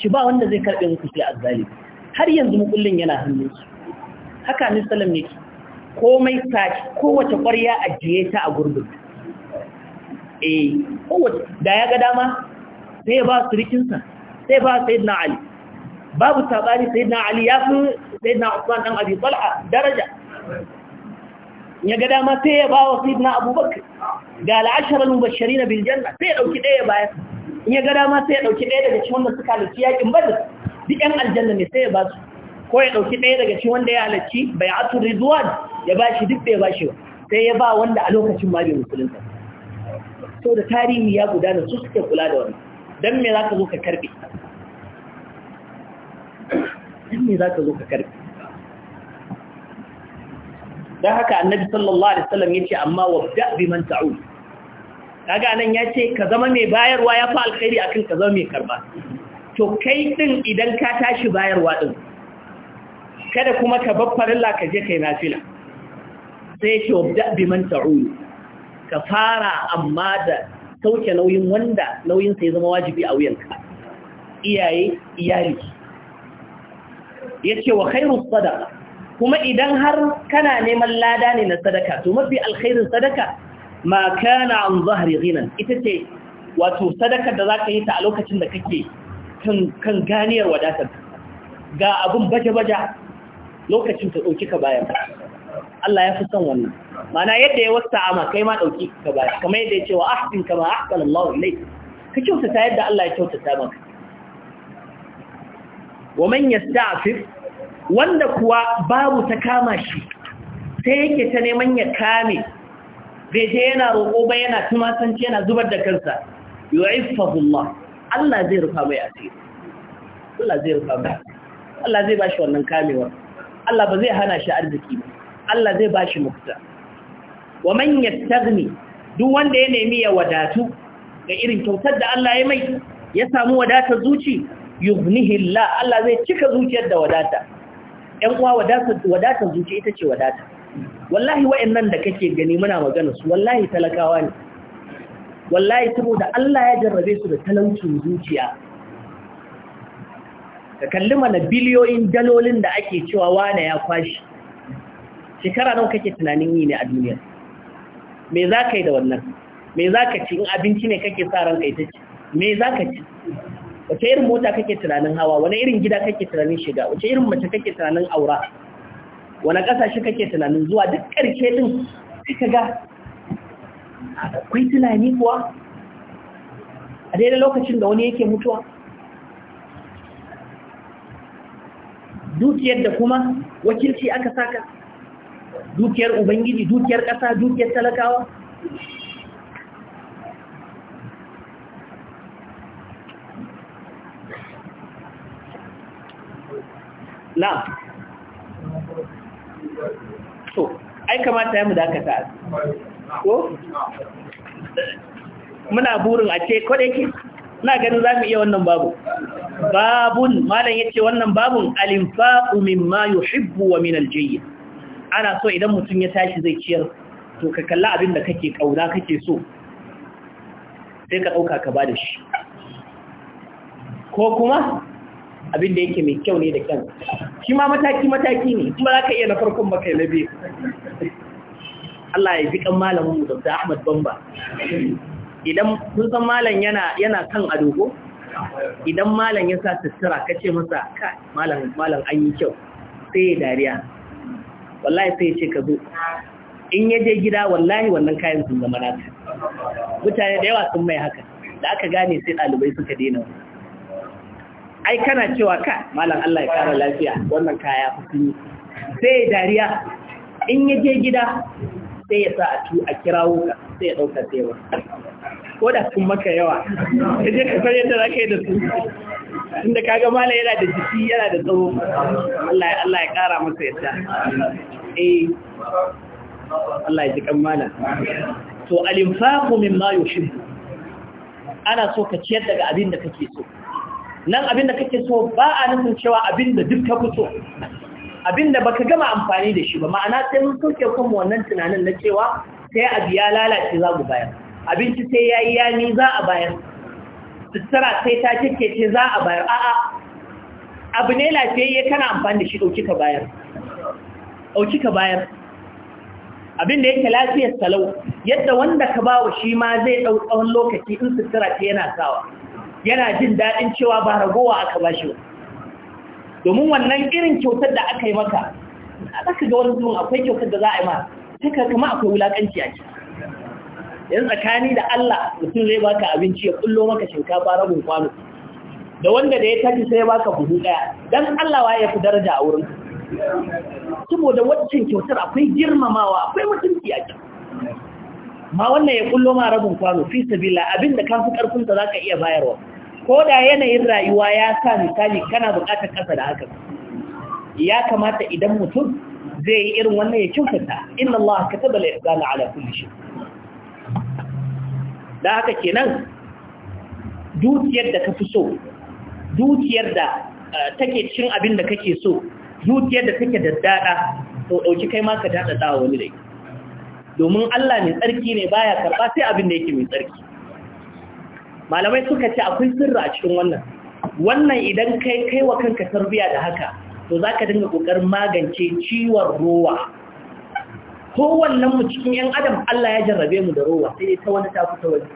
ci ba wanda zai karbe muku sai azzalimi har yanzu mukullin yana hannunsu haka annabi sallam ce. komai sashi kowace ƙwarya ajiye ta a gurbin eh kowace da ya ga dama sai ya ba su rikinsa sai ba sai Sayyidina ali babu sabani Sayyidina ali ya fi Sayyidina usman ɗan abi talha daraja ya ga dama sai ya ba wa sayyidina abubakar ga al'asharar mubashirin bil janna sai ya ɗauki ɗaya baya in ya ga dama sai ya ɗauki ɗaya daga cikin wanda suka halarci yakin badar duk 'yan aljanna ne sai ya ba su ko ya ɗauki ɗaya daga cikin wanda ya halarci bai atu rizwan ya ba shi duk da ya ba shi ba sai ya ba wanda a lokacin ma bai musulunta so da tarihi ya gudana su suke kula da wani don me za ka zo ka karbe don me za ka zo ka karbe don haka annabi sallallahu alaihi wasallam ya ce amma wabda bi man ta'u kaga nan ya ce ka zama mai bayarwa ya fa alkhairi akan ka zama mai karba to kai din idan ka tashi bayarwa din kada kuma ka babbarilla ka je kai nafila sai ce wabda bi man ka fara amma da sauke nauyin wanda nauyin sai zama wajibi a wuyanka iyaye iyali yace wa khairu sadaqa kuma idan har kana neman lada ne na sadaka to mafi alkhairin sadaka ma kana an zahri ghinan ita ce wato sadakar da zaka yi ta a lokacin da kake kan ganiyar wadatar ga abun baje-baje lokacin ta ɗauki ka bayan Allah ya fi son wannan mana yadda ya wasta ama kai ma ɗauki ka bayan kamar yadda ya ce wa ahdin kama ahsan Allah ilai ka kyautata yadda Allah ya kyautata maka wa man yasta'fif wanda kuwa babu ta kama shi sai yake ta neman ya kame bai je yana roƙo ba yana tumasanci yana zubar da kansa yu'iffahu Allah Allah zai rufa mai asiri Allah zai rufa mai Allah zai ba shi wannan kamewar Allah ba zai hana shi arziki ba Allah zai bashi mufta wa man yastaghni duk wanda ya nemi ya wadatu ga irin kyautar da Allah ya mai ya samu wadatar zuci yughnihi Allah Allah zai cika zuciyar da wadata ƴan uwa wadatar zuci ita ce wadata wallahi nan da kake gani muna magana su wallahi talakawa ne wallahi saboda Allah ya jarrabe su da talaucin zuciya ka kalli mana biliyoyin dalolin da ake cewa wane ya kwashi shekara nawa kake tunanin yi ne a duniya me za ka yi da wannan me za ka ci in abinci ne kake sa ranka ita ci me za ka ci wace irin mota kake tunanin hawa wani irin gida kake tunanin shiga wace irin mace kake tunanin aura wani ƙasashe kake tunanin zuwa duk ƙarshe ɗin kika ga akwai tunani kuwa a daidai lokacin da wani yake mutuwa dukiyar da kuma wakilci aka saka dukiyar ubangiji dukiyar ƙasa dukiyar talakawa na so ai kamata ya mu dakata ko muna burin a ce kodai ke na ganin za mu iya wannan babu babun malam yace wannan babun al mimma yuhibbu wa min aljayy ana so idan mutum ya tashi zai ciyar to ka kalla abin da kake kauna kake so sai ka dauka ka bada shi ko kuma abin da yake mai kyau ne da kyan shi ma mataki-mataki ne kuma za ka iya na farkon baka yi na biyu Allah ya ji kan malamin mu Dr. Ahmad Bamba idan kun san malam yana yana kan ado idan malam ya sa ka kace masa ka malam malam an yi kyau sai ya dariya wallahi sai ya ce ka zo in ya je gida wallahi wannan kayan sun zama naka mutane da yawa sun mai haka da aka gane sai ɗalibai suka daina ai kana cewa ka malam Allah ya kara lafiya wannan kaya fi sai ya dariya in ya je gida sai ya sa a tu a kirawo ka sai ya ɗauka sai ya ko da sun maka yawa ka je ka san yadda zaka yi da su inda kaga mala yana da jiki yana da tsawo Allah ya kara masa yadda eh Allah ya ji kan mala to al-infaqu mimma yushib ana so ka ciyar daga abin da kake so nan abin da kake so ba a nufin cewa abin da duk ka fito abin da baka gama amfani da shi ba ma'ana sai mun soke kuma wannan tunanin na cewa sai a biya lalace za mu bayar abinci sai ya yi yami za a bayar sutura sai ta ce za a bayar a'a abu ne lafiyayye kana amfani da shi ɗauki ka bayar ɗauki ka bayar abin da yake lafiyar salau yadda wanda ka bawa shi ma zai ɗau tsawon lokaci in sutura ce yana sawa yana jin daɗin cewa ba ragowa aka ba shi domin wannan irin kyautar da aka yi maka za ka ga wani zuwan akwai kyautar da za a yi ma ta kama akwai wulaƙanci a ciki yan tsakani da Allah mutum zai baka abinci ya kullo maka shinkafa rabin kwano da wanda da ya tafi sai baka buhu daya dan Allah waye fi daraja a wurin saboda waccan kyautar akwai girmamawa akwai mutunci a ciki ma wannan ya kullo ma rabin kwano fi sabila abinda ka fi karfin ta zaka iya bayarwa ko da yanayin rayuwa ya sa misali kana bukatar kasa da haka ya kamata idan mutum zai yi irin wannan ya kyautata inna Allah kataba ihsana ala kulli shay da haka kenan dukiyar da ka fi so dukiyar da eh, take cikin abin da kake so dukiyar da take daddada to dauki kai ma ka dada da wani dai domin Allah ne tsarki ne baya karba sai abin da yake mai tsarki malamai suka ce akwai sirri a cikin wannan wannan idan kai kai wa kanka tarbiya da haka to zaka dinga kokarin magance ciwon rowa kowannen mu cikin yan adam Allah ya jarrabe mu da rowa sai ta wani ta fita wani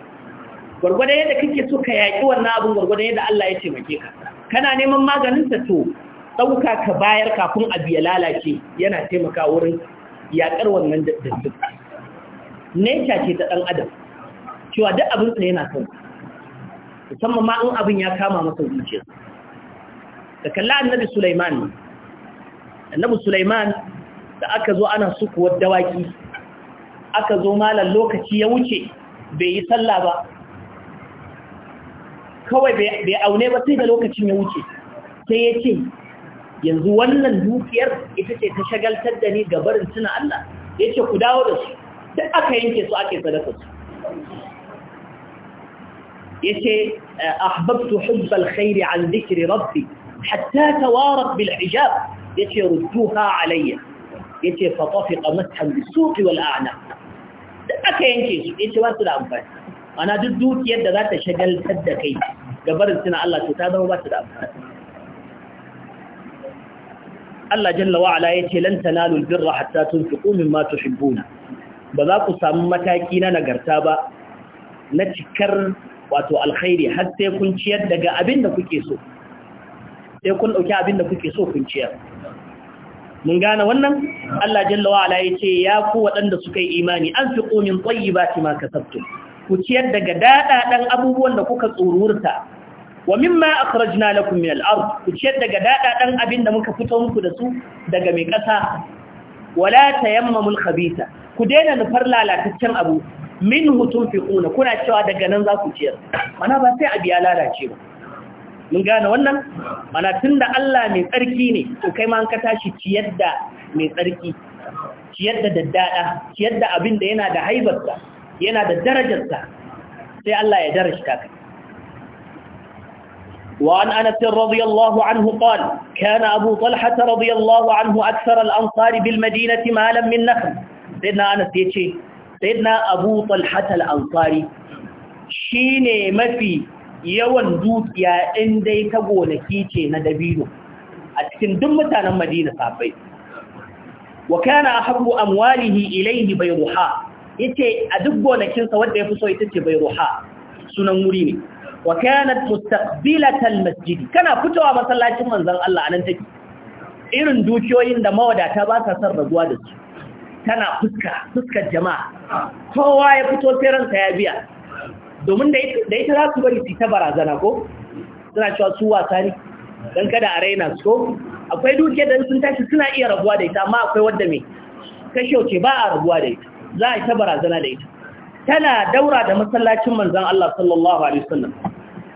gwargwadon yadda kake so ka yaƙi wannan abin gwargwadon yadda Allah ya taimake ka kana neman maganin sa to ɗauka ka bayar kafin abu ya lalace yana taimaka wurin yaƙar wannan dattin nature ce ta ɗan adam cewa duk sa yana son musamman ma in abin ya kama masa zuciya da kalla annabi Sulaiman annabi Sulaiman da aka zo ana sukuwar dawaki aka zo malar lokaci ya wuce bai yi sallah ba kawai bai aune ba sai da lokacin ya wuce sai ya ce yanzu wannan dukiyar ita ce ta shagaltar da ni ga barin suna Allah ya ce ku dawo da su duk aka yanke su ake sadaka su ya ce ahbabtu hubbal khairi an zikri rabbi hatta tawarat bil hijab ya ce rutuha alayya yace fa tafiqa mashan bisuqi wal a'naq da aka yanke su Ya ce ba su da amfani ana duk dukiyar da za ta shagaltar da kai ga barin suna Allah to ta zama ba su da amfani Allah jalla wa ala yace lan tanalu albirra hatta tunfiqu mimma tuhibbuna ba za ku samu mataki na nagarta ba na cikar wato alkhairi har sai kun ciyar daga abin da kuke so sai kun ɗauki abin da kuke so kun ciyar mun gane wannan Allah jalla wa ala yace ya ku waɗanda suka yi imani an fi min tayyibati ma kasabtum ku ciyar daga dadadan abubuwan da kuka tsururta wa mimma akhrajna lakum min al-ard ku ciyar daga dadadan abin da muka fito muku da su daga mai ƙasa wala tayammamul khabitha ku daina nufar lalataccen abu min hutun kuna cewa daga nan za ku ciyar mana ba sai abu ya lalace ba mun gane wannan mana tunda Allah mai tsarki ne to kai ma an ka tashi ciyar da mai tsarki ciyar da daddada ciyar da abin da yana da haibarsa yana da darajarsa sai Allah ya darajta ka وعن أنس رضي الله عنه قال abu أبو طلحة رضي الله عنه أكثر الأنصار بالمدينة مالا من نخل سيدنا أنس يتشي سيدنا أبو طلحة الأنصاري شيني mafi. yawan dukiya in dai ta gonaki ce na dabino a cikin duk mutanen Madina safai wa kana ahabu amwalihi ilayhi bayruha yace a duk gonakin sa wanda yafi so ita ce ruha sunan wuri ne wa kanat mustaqbilatal masjid kana fitowa masallacin manzon Allah anan take irin dukiyoyin da mawadata ba sa san raguwa da su tana fuska fuskar jama'a kowa ya fito sai ransa ya biya domin da ita za su bari su ta barazana ko suna cewa su wasa ne don kada a raina su ko akwai dukiyar da sun tashi suna iya rabuwa da ita amma akwai wadda mai kashe ba a rabuwa da ita za a yi ta barazana da ita tana daura da masallacin manzan Allah sallallahu alaihi wasallam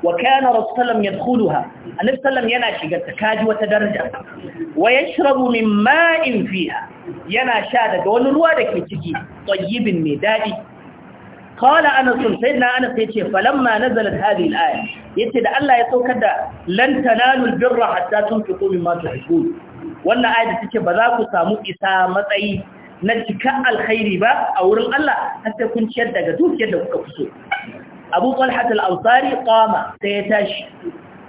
wa kana rasulullah yadkhuluha annabi yana shiga ta kaji wata daraja wa yashrabu min ma'in fiha yana sha daga wani ruwa da ke ciki tayyibin mai dadi qala anas sayyidina anas yace falamma nazalat hadhihi al ya yace da Allah ya saukar da lantananul tanalu al tun hatta tunfiqu mimma wannan aya da ba za ku samu isa matsayi na cika alkhairi ba a wurin Allah har sai kun ciyar daga dukiyar da kuka fuso Abu Talha al-Ansari qama sai ya tashi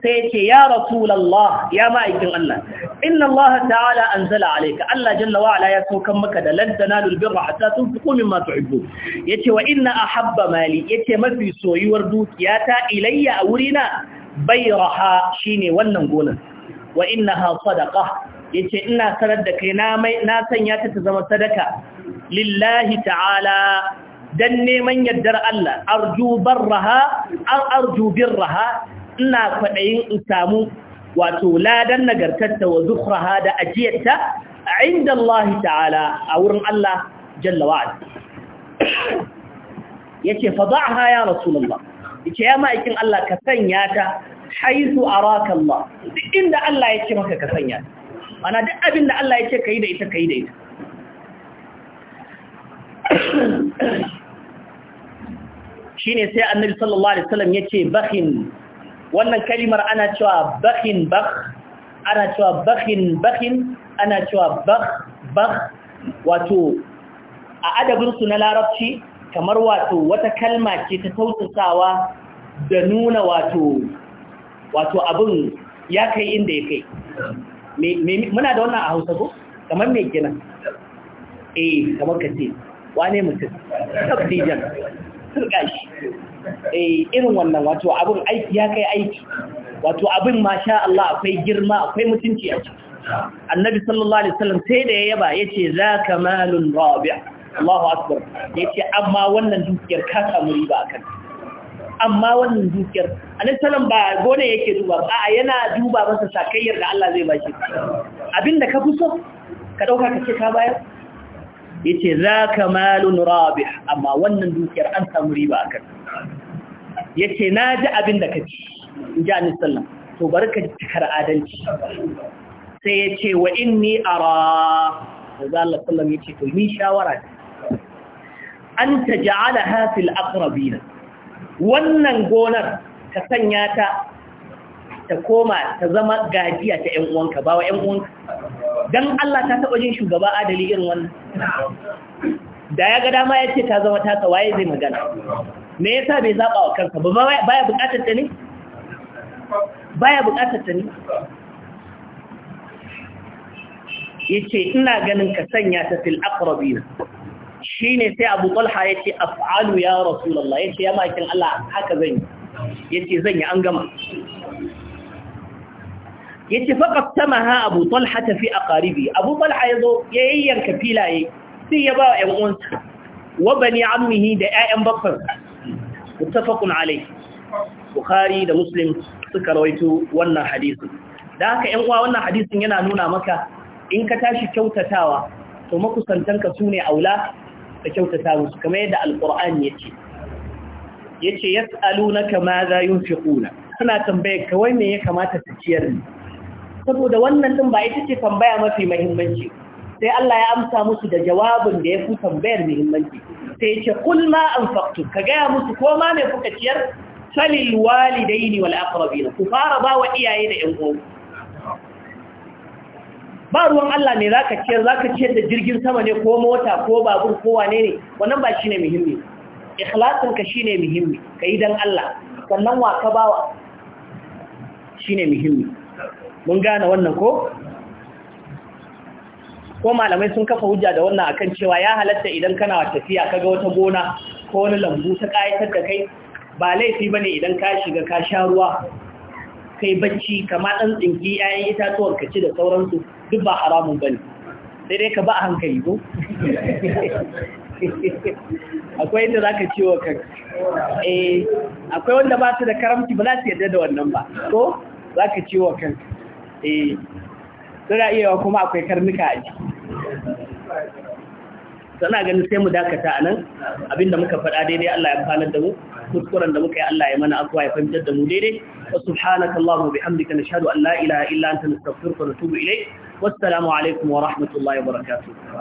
sai yace ya rasulallah ya ma'aikin Allah inna Allah ta'ala anzala alayka Allah jalla wa ala ya saukan maka da lantanalul birra hatta tunfiqu mimma tuhibbu yace wa inna ahabba mali yace mafi soyuwar dukiyata ilayya a wurina bayraha shine wannan gonar wa innaha sadaqa yace ina sanar da kai na mai na sanya ta ta zama sadaka lillahi ta'ala dan neman yaddar Allah arju barraha an arju birraha ina kwaɗayin in samu wato ladan nagartarta wa zukraha da ajiyarta a inda Allah ta'ala a wurin Allah jalla wa'ala yace fada'ha ya rasulullah ce ya ma'aikin Allah ka sanya ta haizu araka Allah duk inda Allah ya ce maka ka sanya ta ana duk abin da Allah ya ce ka yi da ita ka yi da ita shi ne sai annabi sallallahu alaihi wasallam ya ce Bakin. wannan kalimar ana cewa bakhin bakh ana cewa bakhin bakhin ana cewa bakh bakh wato a adabinsu na larabci kamar wato wata kalma ce ta tausasawa da nuna wato wato abin ya kai inda ya kai muna da wannan a hausa ko kamar mai gina eh kamar ka ce wane mutum tabtijan turka shi eh irin wannan wato abin aiki ya kai aiki wato abin masha Allah akwai girma akwai mutunci a ciki annabi sallallahu alaihi wasallam sai da ya yaba yace za kamalun rabi' Allahu akbar yace amma wannan dukiyar ka samu riba akan amma wannan dukiyar annabi sallallahu ba gone yake duba ba yana duba masa sakayyar da Allah zai bashi abinda ka fi so ka dauka ka ce ka bayar yace ka malun rabi amma wannan dukiyar an samu riba akan yace ji abin da kace ji annabi sallallahu to barka cikar adalci sai yace wa inni ara Allah sallallahu yace to ni shawara an hafi fil aqrabina wannan gonar ka sanya ta ta koma ta zama gajiya ta ƴan uwanka ba wa ƴan uwanka don Allah ta taɓa jin shugaba adali irin wannan da ya ga dama ya ce ta zama ta waye zai magana me yasa bai zaɓa wa kansa ba baya buƙatar ta ne baya buƙatar ta ne yace ina ganin ka sanya ta fil Shi shine sai Abu Talha yace af'alu ya Rasulullah yace ya makin Allah haka zan yi yace zan yi an gama Ya yace faqat maha abu talha fi karibi. abu talha yi yanka filaye sai ya ba wa ƴan uwansa wa bani ammihi da ƴaƴan baffan muttafaqun alayhi bukhari da muslim suka rawaito wannan hadisi da haka ƴan uwa wannan hadisin yana nuna maka in ka tashi kyautatawa to makusantanka sune aula da kyautata musu kamar yadda ce ya yace yas'alunaka ma za yunfiquna suna tambaye kawai me ya kamata su ciyar ne saboda wannan din ba ita ce tambaya mafi muhimmanci sai Allah ya amsa musu da jawabin da ya fi tambayar muhimmanci sai ya ce kul ma anfaqtu ka gaya musu ko ma me kuka ciyar salil walidaini wal aqrabina ku fara ba wa iyaye da ƴan uwa ba ruwan Allah ne zaka ciyar zaka ciyar da jirgin sama ne ko mota ko babur ko wane ne wannan ba shine muhimmi ikhlasin ka shine muhimmi kai dan Allah sannan wa ka bawa shine muhimmi mun gane wannan ko ko malamai sun kafa hujja da wannan akan cewa ya halatta idan kana tafiya kaga wata gona ko wani lambu ta kayatar da kai ba laifi bane idan ka shiga ka sha ruwa kai bacci kama dan tsinki yayin itatuwar ka ci da sauransu duk ba haramun bane sai dai ka ba a hankali ko akwai inda zaka ciwo kan eh akwai wanda ba su da karamci ba za su yarda da wannan ba ko zaka ciwo kanka suna eh, iya kuma akwai karnuka a ciki sana ganin sai mu dakata a nan abinda muka faɗa daidai Allah ya fanar da mu kuskuren da muka yi Allah ya mana akwai fahimtar da mu daidai wa subhanaka allahumma bihamdika nashhadu an la ilaha illa anta nastaghfiruka wa natubu ilayk wassalamu alaikum wa rahmatullahi wa barakatuh